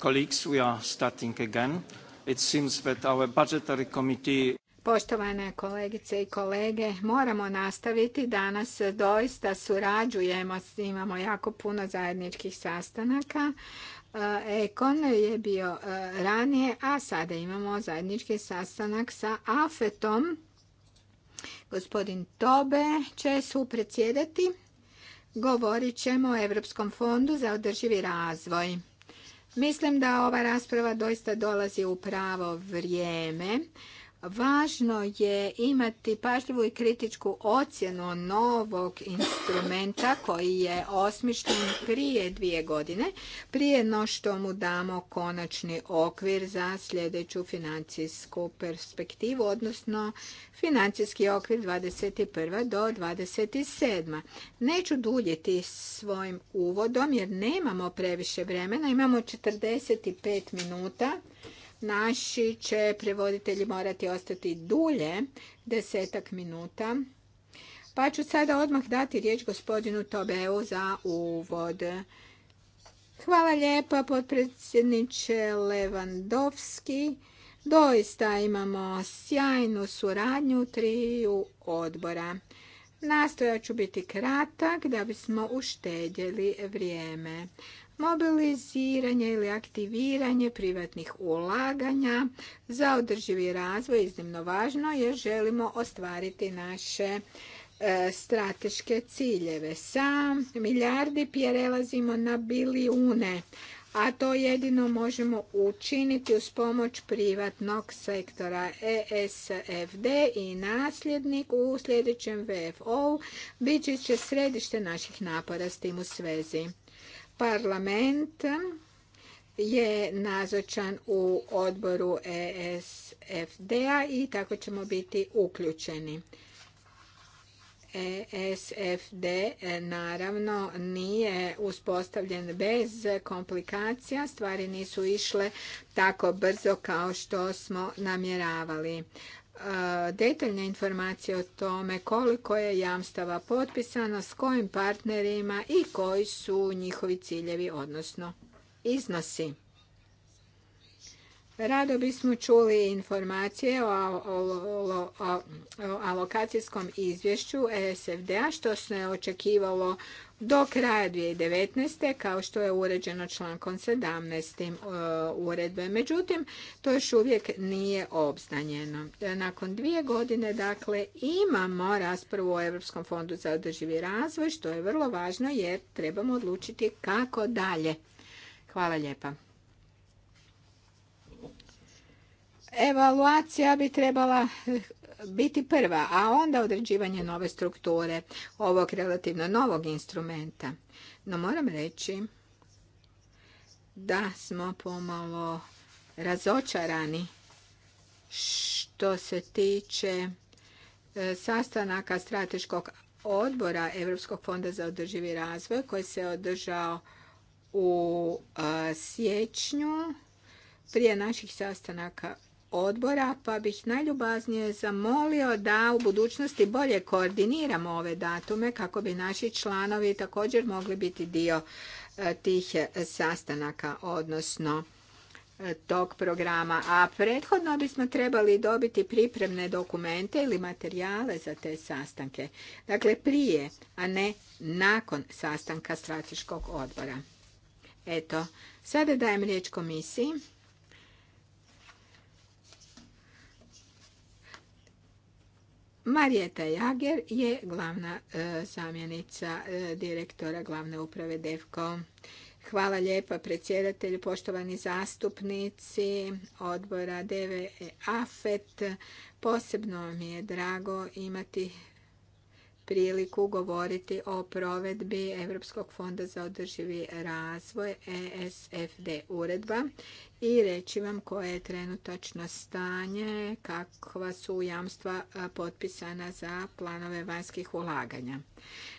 Colleagues, we are starting again. It seems that our budgetary committee Poštovane kolegice i kolege, moramo nastaviti. Danas doista surađujemo, imamo jako puno zajedničkih sastanaka. E, Ekon je bio e, ranije, a sada imamo zajednički sastanak sa AFETom. Gospodin Tobe će su predsjedati. Govorit ćemo o Europskom fondu za održivi razvoj. Mislim da ova rasprava doista dolazi u pravo vrijeme. Važno je imati pažljivu i kritičku ocjenu novog instrumenta koji je osmišljen prije dvije godine, prije no što mu damo konačni okvir za sljedeću financijsku perspektivu, odnosno financijski okvir 21. do 27. Neću duljiti svojim uvodom jer nemamo previše vremena, imamo 45 minuta naši će prevoditelji morati ostati dulje, desetak minuta. Pa ću sada odmah dati riječ gospodinu Tobeu za uvod. Hvala lijepa, potpredsjedniče Levandovski. Doista imamo sjajnu suradnju triju odbora. Nastojat ću biti kratak da bismo uštedjeli vrijeme mobiliziranje ili aktiviranje privatnih ulaganja za održivi razvoj iznimno važno jer želimo ostvariti naše e, strateške ciljeve. Sa milijardi prelazimo na bilijune, a to jedino možemo učiniti uz pomoć privatnog sektora. ESFD i nasljednik u sljedećem VFO-u bit će središte naših napora s tim u svezi. Parlament je nazočan u odboru ESFD-a i tako ćemo biti uključeni. ESFD e, naravno nije uspostavljen bez komplikacija, stvari nisu išle tako brzo kao što smo namjeravali detaljne informacije o tome koliko je jamstava potpisano, s kojim partnerima i koji su njihovi ciljevi, odnosno iznosi. Rado bismo čuli informacije o, alokacijskom izvješću ESFDA, što se očekivalo do kraja 2019. kao što je uređeno člankom 17. E, uredbe. Međutim, to još uvijek nije obznanjeno. Nakon dvije godine, dakle, imamo raspravu o Europskom fondu za održivi razvoj, što je vrlo važno jer trebamo odlučiti kako dalje. Hvala lijepa. evaluacija bi trebala eh, biti prva, a onda određivanje nove strukture ovog relativno novog instrumenta. No moram reći da smo pomalo razočarani što se tiče eh, sastanaka strateškog odbora Europskog fonda za održivi razvoj koji se održao u eh, siječnju prije naših sastanaka odbora, pa bih najljubaznije zamolio da u budućnosti bolje koordiniramo ove datume kako bi naši članovi također mogli biti dio e, tih sastanaka, odnosno e, tog programa. A prethodno bismo trebali dobiti pripremne dokumente ili materijale za te sastanke. Dakle, prije, a ne nakon sastanka strateškog odbora. Eto, sada dajem riječ komisiji. Marijeta Jager je glavna e, zamjenica e, direktora glavne uprave DEVKO. Hvala lijepa predsjedatelju, poštovani zastupnici odbora DVE e Posebno mi je drago imati priliku govoriti o provedbi Europskog fonda za održivi razvoj ESFD uredba i reći vam koje je trenutačno stanje, kakva su jamstva potpisana za planove vanjskih ulaganja.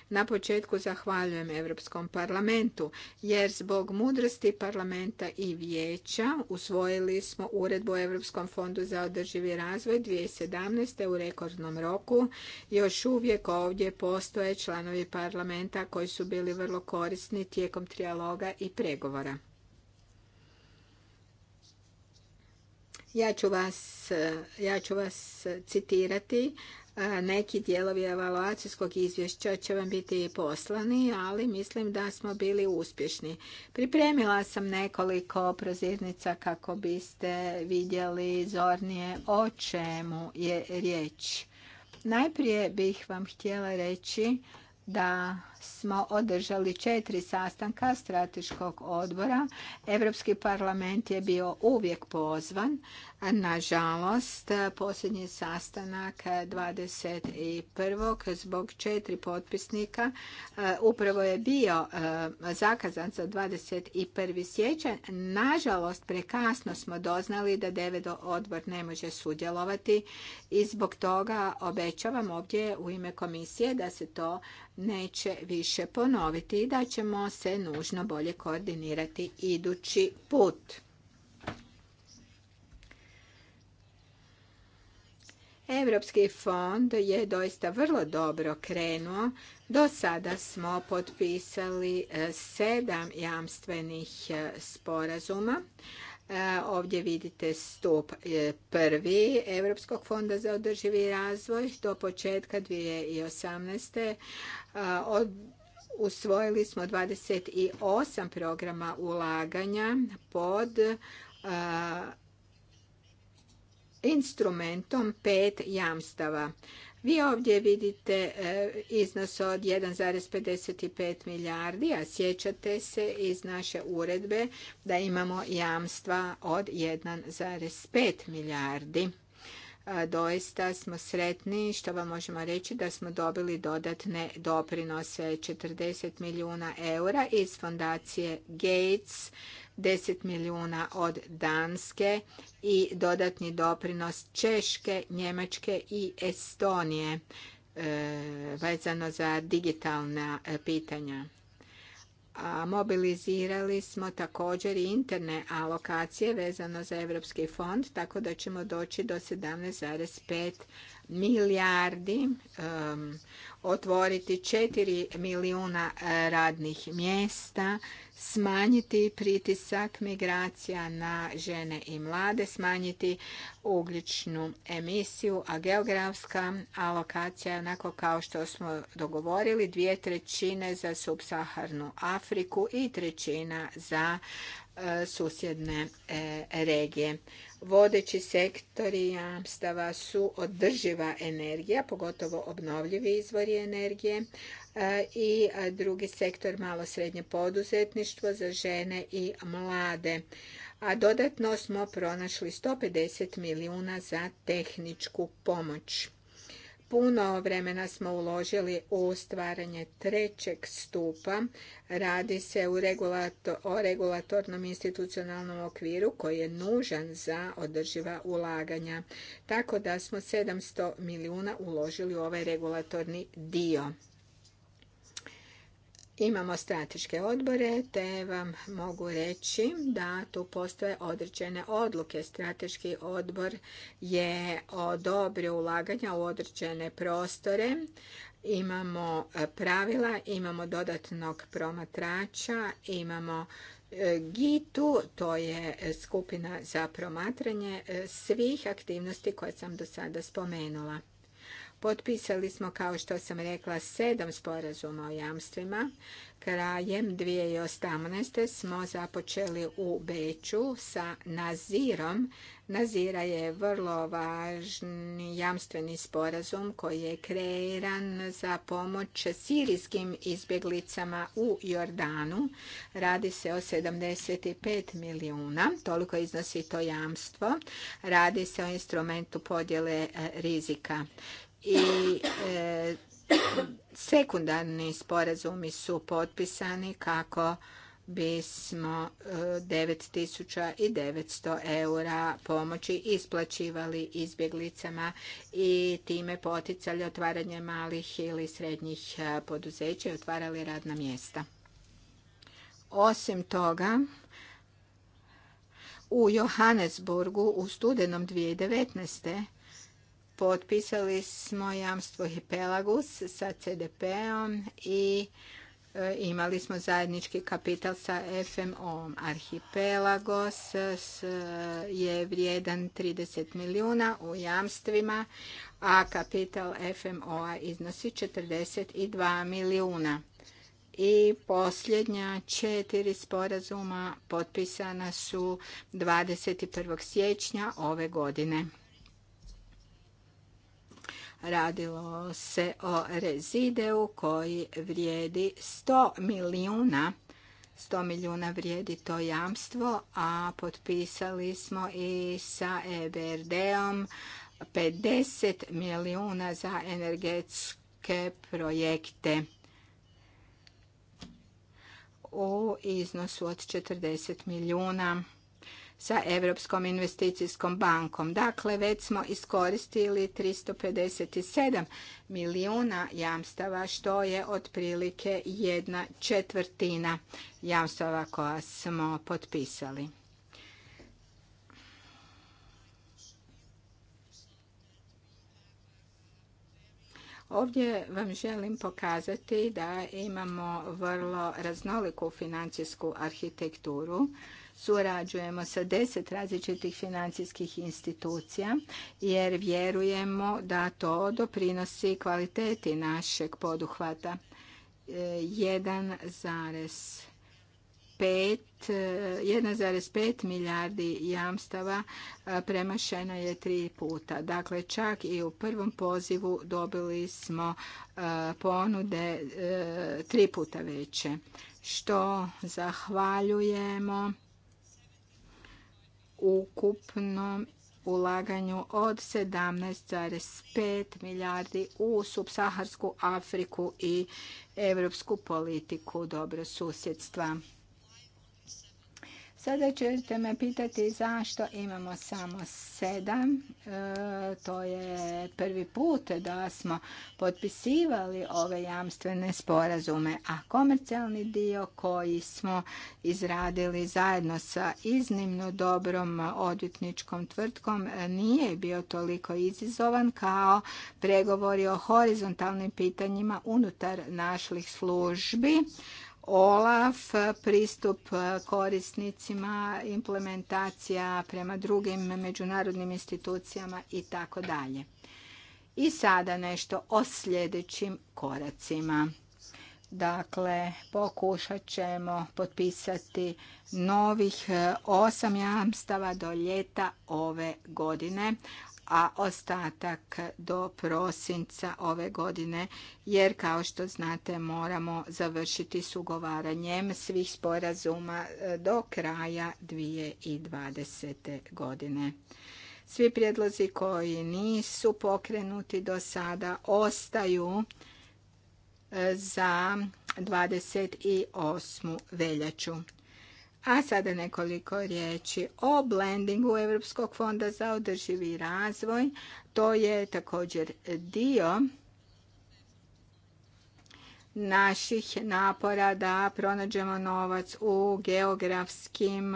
Na početku zahvaljujem Europskom parlamentu jer zbog mudrosti parlamenta i vijeća usvojili smo uredbu o Europskom fondu za održivi razvoj 2017. u rekordnom roku. Još uvijek ovdje postoje članovi parlamenta koji su bili vrlo korisni tijekom trijaloga i pregovora. Ja ću vas, eh, ja ću vas citirati. Eh, neki dijelovi evaluacijskog izvješća će vam biti poslani, ali mislim da smo bili uspješni. Pripremila sam nekoliko prozirnica kako biste vidjeli zornije o čemu je riječ. Najprije bih vam htjela reći da smo održali četiri sastanka strateškog odbora. Europski parlament je bio uvijek pozvan Nažalost, posljednji sastanak 21. zbog četiri potpisnika e, upravo je bio e, zakazan za 21. sjećan. Nažalost, prekasno smo doznali da Devedo odbor ne može sudjelovati i zbog toga obećavam ovdje u ime komisije da se to neće više ponoviti i da ćemo se nužno bolje koordinirati idući put. Europski fond je doista vrlo dobro krenuo. Do sada smo potpisali e, sedam jamstvenih e, sporazuma. E, ovdje vidite stup prvi Europskog fonda za održivi razvoj do početka 2018. Od usvojili smo 28 programa ulaganja pod instrumentom pet jamstava. Vi ovdje vidite eh, iznos od 1,55 milijardi, a sjećate se iz naše uredbe da imamo jamstva od 1,5 milijardi. Doista smo sretni što vam možemo reći da smo dobili dodatne doprinose 40 milijuna eura iz fondacije Gates 10 milijuna od Danske i dodatni doprinos Češke, Njemačke i Estonije e, vezano za digitalna e, pitanja. A mobilizirali smo također i interne alokacije vezano za Europski fond, tako da ćemo doći do 17,5 milijardi otvoriti 4 milijuna e, radnih mjesta, smanjiti pritisak migracija na žene i mlade, smanjiti ugljičnu emisiju, a geografska alokacija je onako kao što smo dogovorili, dvije trećine za subsaharnu Afriku i trećina za e, susjedne e, regije. Vodeći sektori jamstava su održiva energija, pogotovo obnovljivi izvori energije e, i drugi sektor malo srednje poduzetništvo za žene i mlade. A dodatno smo pronašli 150 milijuna za tehničku pomoć. Puno vremena smo uložili u stvaranje trećeg stupa. Radi se u regulator, o regulatornom institucionalnom okviru koji je nužan za održiva ulaganja. Tako da smo 700 milijuna uložili u ovaj regulatorni dio. Imamo strateške odbore, te vam mogu reći da tu postoje određene odluke. Strateški odbor je odobrio ulaganja u određene prostore. Imamo e, pravila, imamo dodatnog promatrača, imamo e, GITU, to je e, skupina za promatranje svih aktivnosti koje sam do sada spomenula. Potpisali smo, kao što sam rekla, sedam sporazuma o jamstvima. Krajem 2018. smo započeli u Beću sa Nazirom. Nazira je vrlo važni jamstveni sporazum koji je kreiran za pomoć sirijskim izbjeglicama u Jordanu. Radi se o 75 milijuna, toliko iznosi to jamstvo. Radi se o instrumentu podjele e, rizika i e, sekundarni sporazumi su potpisani kako bismo 9900 e, eura pomoći isplaćivali izbjeglicama i time poticali otvaranje malih ili srednjih e, poduzeća i otvarali radna mjesta. Osim toga, u Johannesburgu u studenom 2019 potpisali smo jamstvo Hipelagus sa CDP-om i e, imali smo zajednički kapital sa FMO-om. Arhipelagos e, je vrijedan 30 milijuna u jamstvima, a kapital FMO-a iznosi 42 milijuna. I posljednja četiri sporazuma potpisana su 21. siječnja ove godine. Radilo se o rezideu koji vrijedi 100 milijuna 100 milijuna vrijedi to jamstvo, a potpisali smo i sa EBRD-om 50 milijuna za energetske projekte u iznosu od 40 milijuna sa Europskom investicijskom bankom. Dakle, već smo iskoristili 357 milijuna jamstava, što je otprilike jedna četvrtina jamstava koja smo potpisali. Ovdje vam želim pokazati da imamo vrlo raznoliku financijsku arhitekturu surađujemo sa deset različitih financijskih institucija jer vjerujemo da to doprinosi kvaliteti našeg poduhvata. 1,5 e, milijardi jamstava e, premašeno je tri puta. Dakle, čak i u prvom pozivu dobili smo e, ponude tri puta veće, što zahvaljujemo ukupnom ulaganju od 17,5 milijardi u subsaharsku Afriku i europsku politiku dobro susjedstva. Sada ćete me pitati zašto imamo samo sedam. E, to je prvi put da smo potpisivali ove jamstvene sporazume, a komercijalni dio koji smo izradili zajedno sa iznimno dobrom odvjetničkom tvrtkom nije bio toliko izizovan kao pregovori o horizontalnim pitanjima unutar naših službi OLAF, pristup korisnicima, implementacija prema drugim međunarodnim institucijama i tako dalje. I sada nešto o sljedećim koracima. Dakle, pokušat ćemo potpisati novih osam jamstava do ljeta ove godine, a ostatak do prosinca ove godine jer kao što znate moramo završiti s ugovaranjem svih sporazuma e, do kraja 2020. godine. Svi prijedlozi koji nisu pokrenuti do sada ostaju e, za 28. veljaču. A sada nekoliko riječi o blendingu Europskog fonda za održivi razvoj. To je također dio naših napora da pronađemo novac u geografskim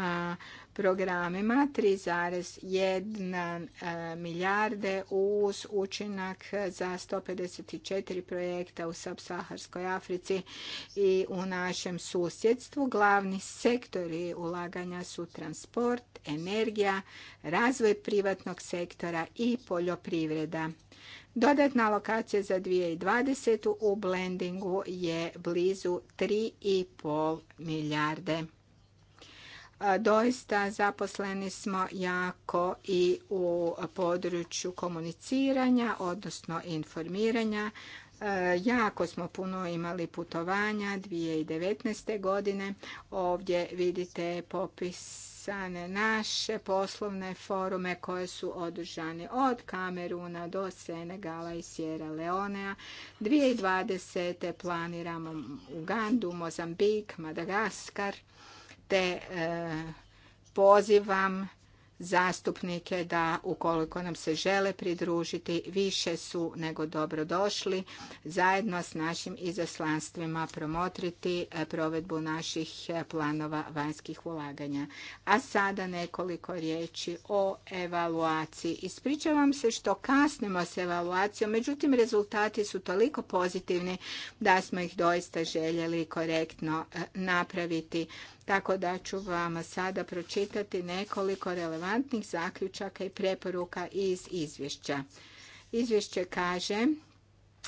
programima 3,1 milijarde uz učinak za 154 projekta u subsaharskoj Africi i u našem susjedstvu. Glavni sektori ulaganja su transport, energija, razvoj privatnog sektora i poljoprivreda. Dodatna lokacija za 2020. u blendingu je blizu 3,5 milijarde doista zaposleni smo jako i u području komuniciranja, odnosno informiranja. Jako smo puno imali putovanja 2019. godine. Ovdje vidite popis naše poslovne forume koje su održane od Kameruna do Senegala i Sjera Leonea. 2020. planiramo Ugandu, Mozambik, Madagaskar te eh, pozivam zastupnike da ukoliko nam se žele pridružiti više su nego dobrodošli zajedno s našim izaslanstvima promotriti e, provedbu naših e, planova vanjskih ulaganja. A sada nekoliko riječi o evaluaciji. Ispričavam se što kasnimo s evaluacijom, međutim rezultati su toliko pozitivni da smo ih doista željeli korektno e, napraviti tako da ću vam sada pročitati nekoliko relevantnih zaključaka i preporuka iz izvješća. Izvješće kaže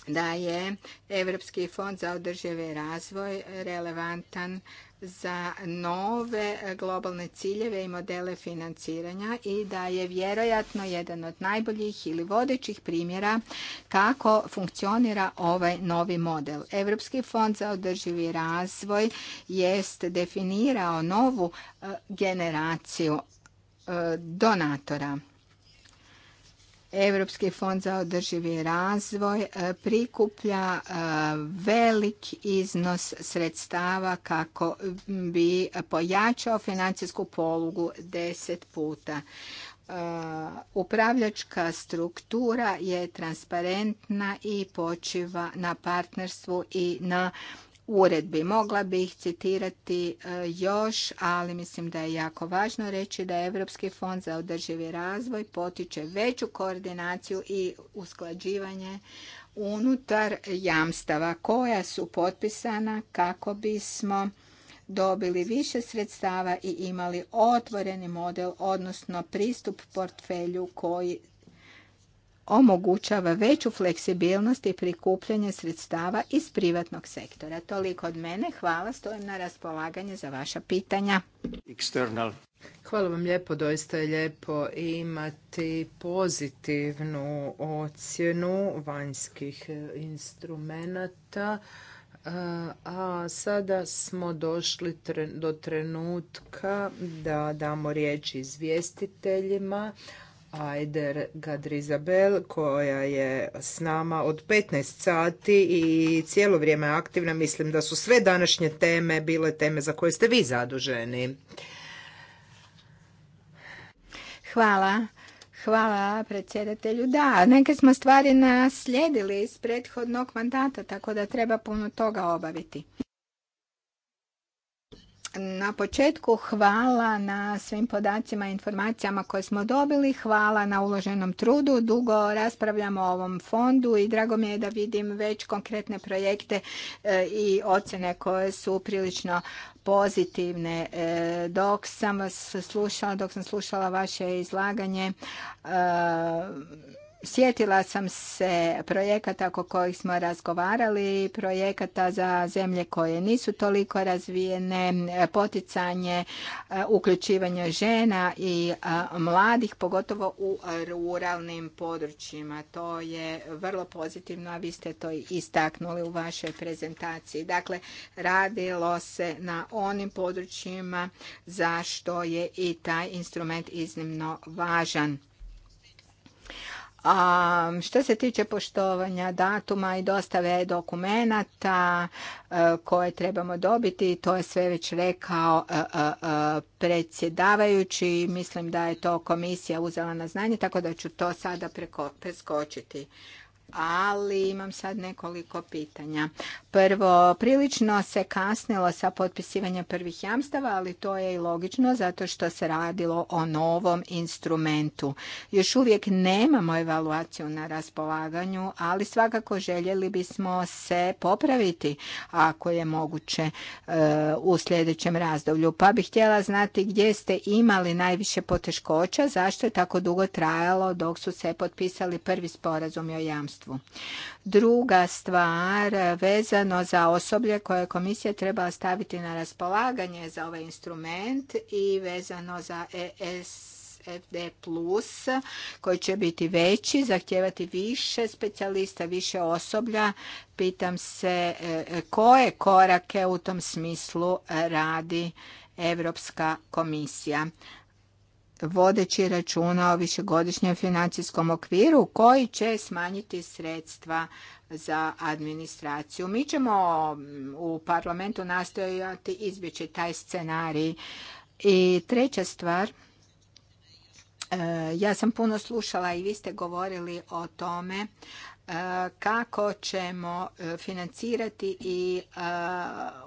da je Europski fond za održivi razvoj relevantan za nove globalne ciljeve i modele financiranja i da je vjerojatno jedan od najboljih ili vodećih primjera kako funkcionira ovaj novi model. Europski fond za održivi razvoj jest definirao novu e, generaciju e, donatora Europski fond za održivi razvoj e, prikuplja e, velik iznos sredstava kako bi pojačao financijsku polugu deset puta. E, upravljačka struktura je transparentna i počiva na partnerstvu i na uredbi. Mogla bih citirati e, još, ali mislim da je jako važno reći da Europski fond za održivi razvoj potiče veću koordinaciju i usklađivanje unutar jamstava koja su potpisana kako bismo dobili više sredstava i imali otvoreni model, odnosno pristup portfelju koji omogućava veću fleksibilnost i prikupljanje sredstava iz privatnog sektora. Toliko od mene, hvala, stojim na raspolaganje za vaša pitanja. External. Hvala vam lijepo, doista je lijepo imati pozitivnu ocjenu vanjskih instrumenata. A sada smo došli do trenutka da damo riječ izvjestiteljima. Ajder Gadrizabel koja je s nama od 15 sati i cijelo vrijeme aktivna. Mislim da su sve današnje teme bile teme za koje ste vi zaduženi. Hvala. Hvala predsjedatelju. Da, neke smo stvari naslijedili iz prethodnog mandata, tako da treba puno toga obaviti na početku hvala na svim podacima i informacijama koje smo dobili, hvala na uloženom trudu. Dugo raspravljamo o ovom fondu i drago mi je da vidim već konkretne projekte e, i ocjene koje su prilično pozitivne. E, dok sam slušala, dok sam slušala vaše izlaganje, e, Sjetila sam se projekata oko kojih smo razgovarali, projekata za zemlje koje nisu toliko razvijene, poticanje e, uključivanja žena i e, mladih, pogotovo u ruralnim područjima. To je vrlo pozitivno, a vi ste to istaknuli u vašoj prezentaciji. Dakle, radilo se na onim područjima zašto je i taj instrument iznimno važan. A što se tiče poštovanja datuma i dostave dokumenata e, koje trebamo dobiti, to je sve već rekao e, e, predsjedavajući. Mislim da je to komisija uzela na znanje, tako da ću to sada preskočiti ali imam sad nekoliko pitanja. Prvo, prilično se kasnilo sa potpisivanjem prvih jamstava, ali to je i logično zato što se radilo o novom instrumentu. Još uvijek nemamo evaluaciju na raspolaganju, ali svakako željeli bismo se popraviti ako je moguće e, u sljedećem razdoblju. Pa bih htjela znati gdje ste imali najviše poteškoća, zašto je tako dugo trajalo dok su se potpisali prvi sporazum o jamstvu. Druga stvar vezano za osoblje koje komisija treba staviti na raspolaganje za ovaj instrument i vezano za ES FD koji će biti veći, zahtijevati više specijalista, više osoblja. Pitam se e, koje korake u tom smislu radi Europska komisija vodeći računa o višegodišnjem financijskom okviru koji će smanjiti sredstva za administraciju. Mi ćemo mm, u parlamentu nastojati izbjeći taj scenarij. I treća stvar, e, ja sam puno slušala i vi ste govorili o tome kako ćemo e, financirati i e,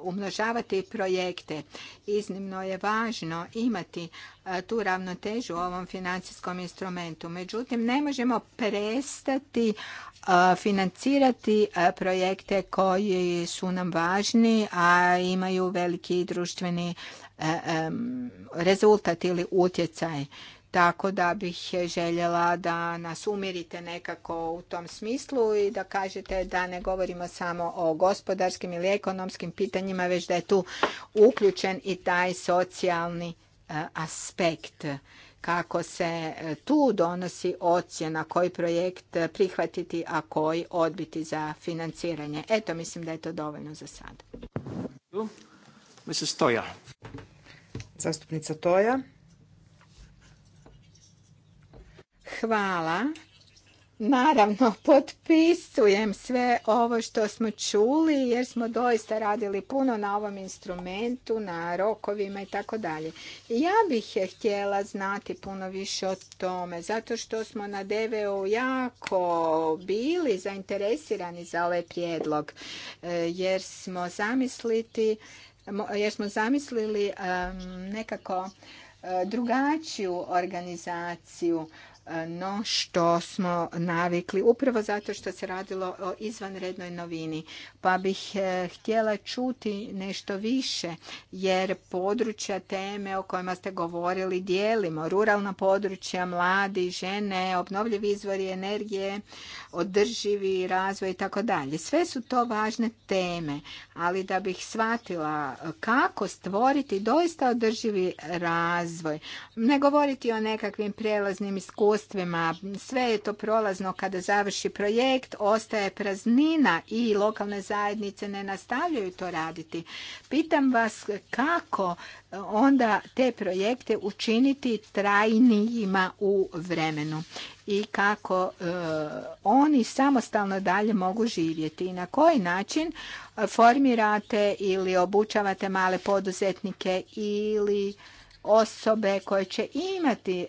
umnožavati projekte. Iznimno je važno imati e, tu ravnotežu u ovom financijskom instrumentu. Međutim, ne možemo prestati financirati projekte koji su nam važni, a imaju veliki društveni rezultat ili utjecaj. Tako da bih željela da nas umirite nekako u tom smislu i da kažete da ne govorimo samo o gospodarskim ili ekonomskim pitanjima, već da je tu uključen i taj socijalni e, aspekt kako se e, tu donosi ocjena koji projekt e, prihvatiti, a koji odbiti za financiranje. Eto, mislim da je to dovoljno za sad. Stoja. Zastupnica Toja. Hvala. Naravno, potpisujem sve ovo što smo čuli jer smo doista radili puno na ovom instrumentu, na rokovima i tako dalje. Ja bih je htjela znati puno više o tome, zato što smo na DVO jako bili zainteresirani za ovaj prijedlog, e, jer smo jer smo zamislili nekako e, drugačiju organizaciju no što smo navikli upravo zato što se radilo o izvanrednoj novini. Pa bih eh, htjela čuti nešto više jer područja teme o kojima ste govorili dijelimo. Ruralna područja, mladi, žene, obnovljivi izvori energije, održivi razvoj i tako dalje. Sve su to važne teme, ali da bih shvatila kako stvoriti doista održivi razvoj, ne govoriti o nekakvim prijelaznim iskustvima iskustvima. Sve je to prolazno kada završi projekt, ostaje praznina i lokalne zajednice ne nastavljaju to raditi. Pitam vas kako onda te projekte učiniti trajnijima u vremenu i kako e, oni samostalno dalje mogu živjeti i na koji način formirate ili obučavate male poduzetnike ili osobe koje će imati e,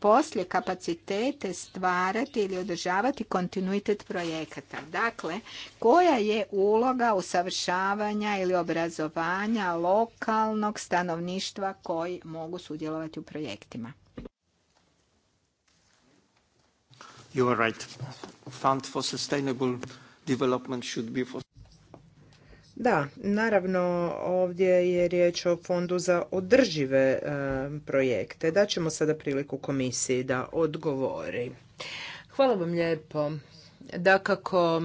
poslije kapacitete stvarati ili održavati kontinuitet projekata. Dakle, koja je uloga usavršavanja ili obrazovanja lokalnog stanovništva koji mogu sudjelovati u projektima? You right. Fund for sustainable development should be for da, naravno ovdje je riječ o fondu za održive e, projekte. Daćemo sada priliku komisiji da odgovori. Hvala vam lijepo. Dakako,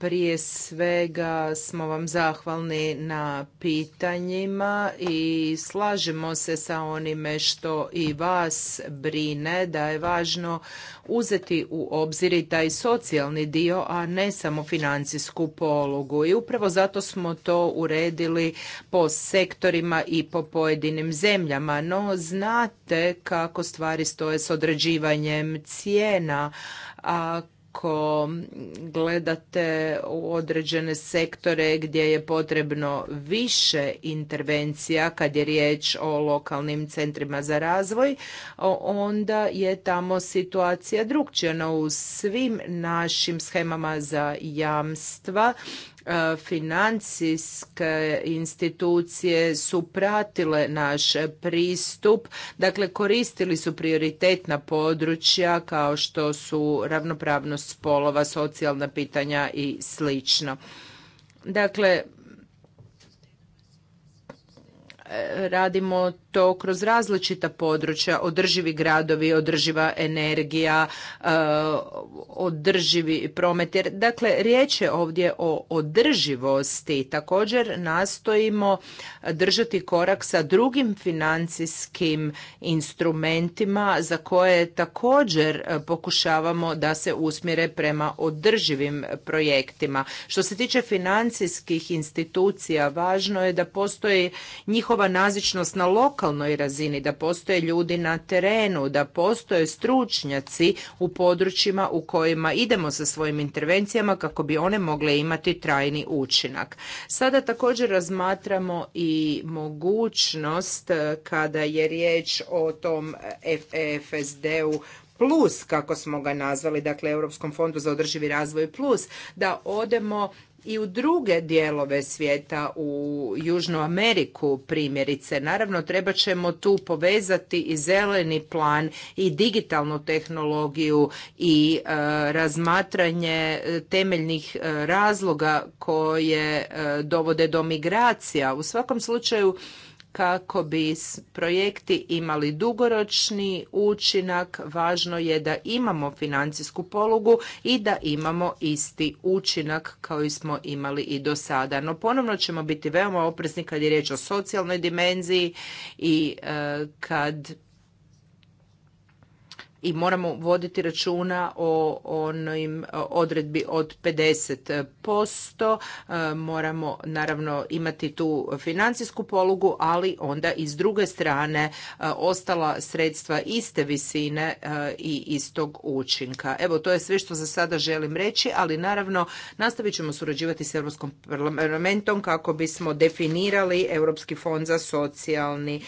prije svega smo vam zahvalni na pitanjima i slažemo se sa onime što i vas brine da je važno uzeti u obzir i taj socijalni dio, a ne samo financijsku polugu. I upravo zato smo to uredili po sektorima i po pojedinim zemljama. No, znate kako stvari stoje s određivanjem cijena. A ako gledate u određene sektore gdje je potrebno više intervencija kad je riječ o lokalnim centrima za razvoj, onda je tamo situacija drukčija. u svim našim schemama za jamstva E, financijske institucije su pratile naš pristup, dakle koristili su prioritetna područja kao što su ravnopravnost spolova, socijalna pitanja i slično. Dakle, radimo to kroz različita područja, održivi gradovi, održiva energija, e, održivi promet. Dakle, riječ je ovdje o održivosti. Također nastojimo držati korak sa drugim financijskim instrumentima za koje također pokušavamo da se usmjere prema održivim projektima. Što se tiče financijskih institucija, važno je da postoji njihova njegova nazičnost na lokalnoj razini, da postoje ljudi na terenu, da postoje stručnjaci u područjima u kojima idemo sa svojim intervencijama kako bi one mogle imati trajni učinak. Sada također razmatramo i mogućnost eh, kada je riječ o tom FSD-u e plus, kako smo ga nazvali, dakle Europskom fondu za održivi razvoj plus, da odemo i u druge dijelove svijeta, u Južnu Ameriku primjerice. Naravno, treba ćemo tu povezati i zeleni plan i digitalnu tehnologiju i e, razmatranje e, temeljnih e, razloga koje dovode do migracija. U svakom slučaju, kako bi projekti imali dugoročni učinak, važno je da imamo financijsku polugu i da imamo isti učinak koji smo imali i do sada. No ponovno ćemo biti veoma oprezni kad je riječ o socijalnoj dimenziji i e, kad i moramo voditi računa o onim odredbi od 50%, e, moramo naravno imati tu financijsku polugu, ali onda i s druge strane e, ostala sredstva iste visine e, i istog učinka. Evo, to je sve što za sada želim reći, ali naravno nastavit ćemo surađivati s Europskom parlamentom kako bismo definirali Europski fond za socijalni,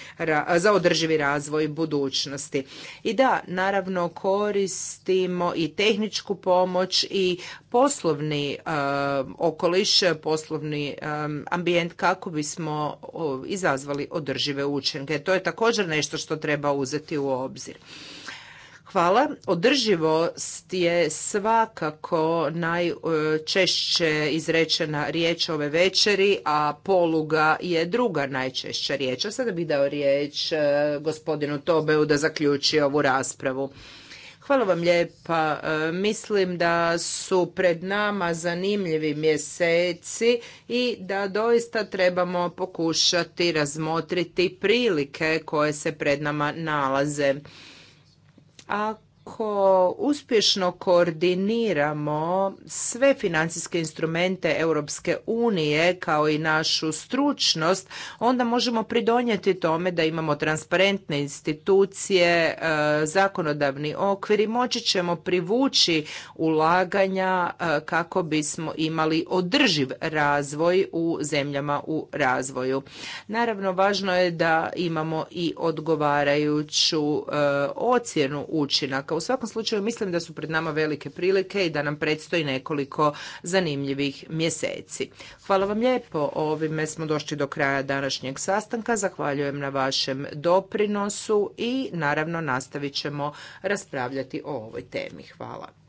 za održivi razvoj budućnosti. I da, naravno naravno koristimo i tehničku pomoć i poslovni e, okoliš, poslovni e, ambijent kako bismo izazvali održive učinke. To je također nešto što treba uzeti u obzir. Hvala. Održivost je svakako najčešće izrečena riječ ove večeri, a poluga je druga najčešća riječ. A sada bih dao riječ e, gospodinu Tobeu da zaključi ovu raspravu. Hvala vam lijepa. E, mislim da su pred nama zanimljivi mjeseci i da doista trebamo pokušati razmotriti prilike koje se pred nama nalaze a ako uspješno koordiniramo sve financijske instrumente Europske unije kao i našu stručnost, onda možemo pridonijeti tome da imamo transparentne institucije, e, zakonodavni okvir i moći ćemo privući ulaganja e, kako bismo imali održiv razvoj u zemljama u razvoju. Naravno, važno je da imamo i odgovarajuću e, ocjenu učinaka u svakom slučaju mislim da su pred nama velike prilike i da nam predstoji nekoliko zanimljivih mjeseci. Hvala vam lijepo. Ovime smo došli do kraja današnjeg sastanka. Zahvaljujem na vašem doprinosu i naravno nastavit ćemo raspravljati o ovoj temi. Hvala.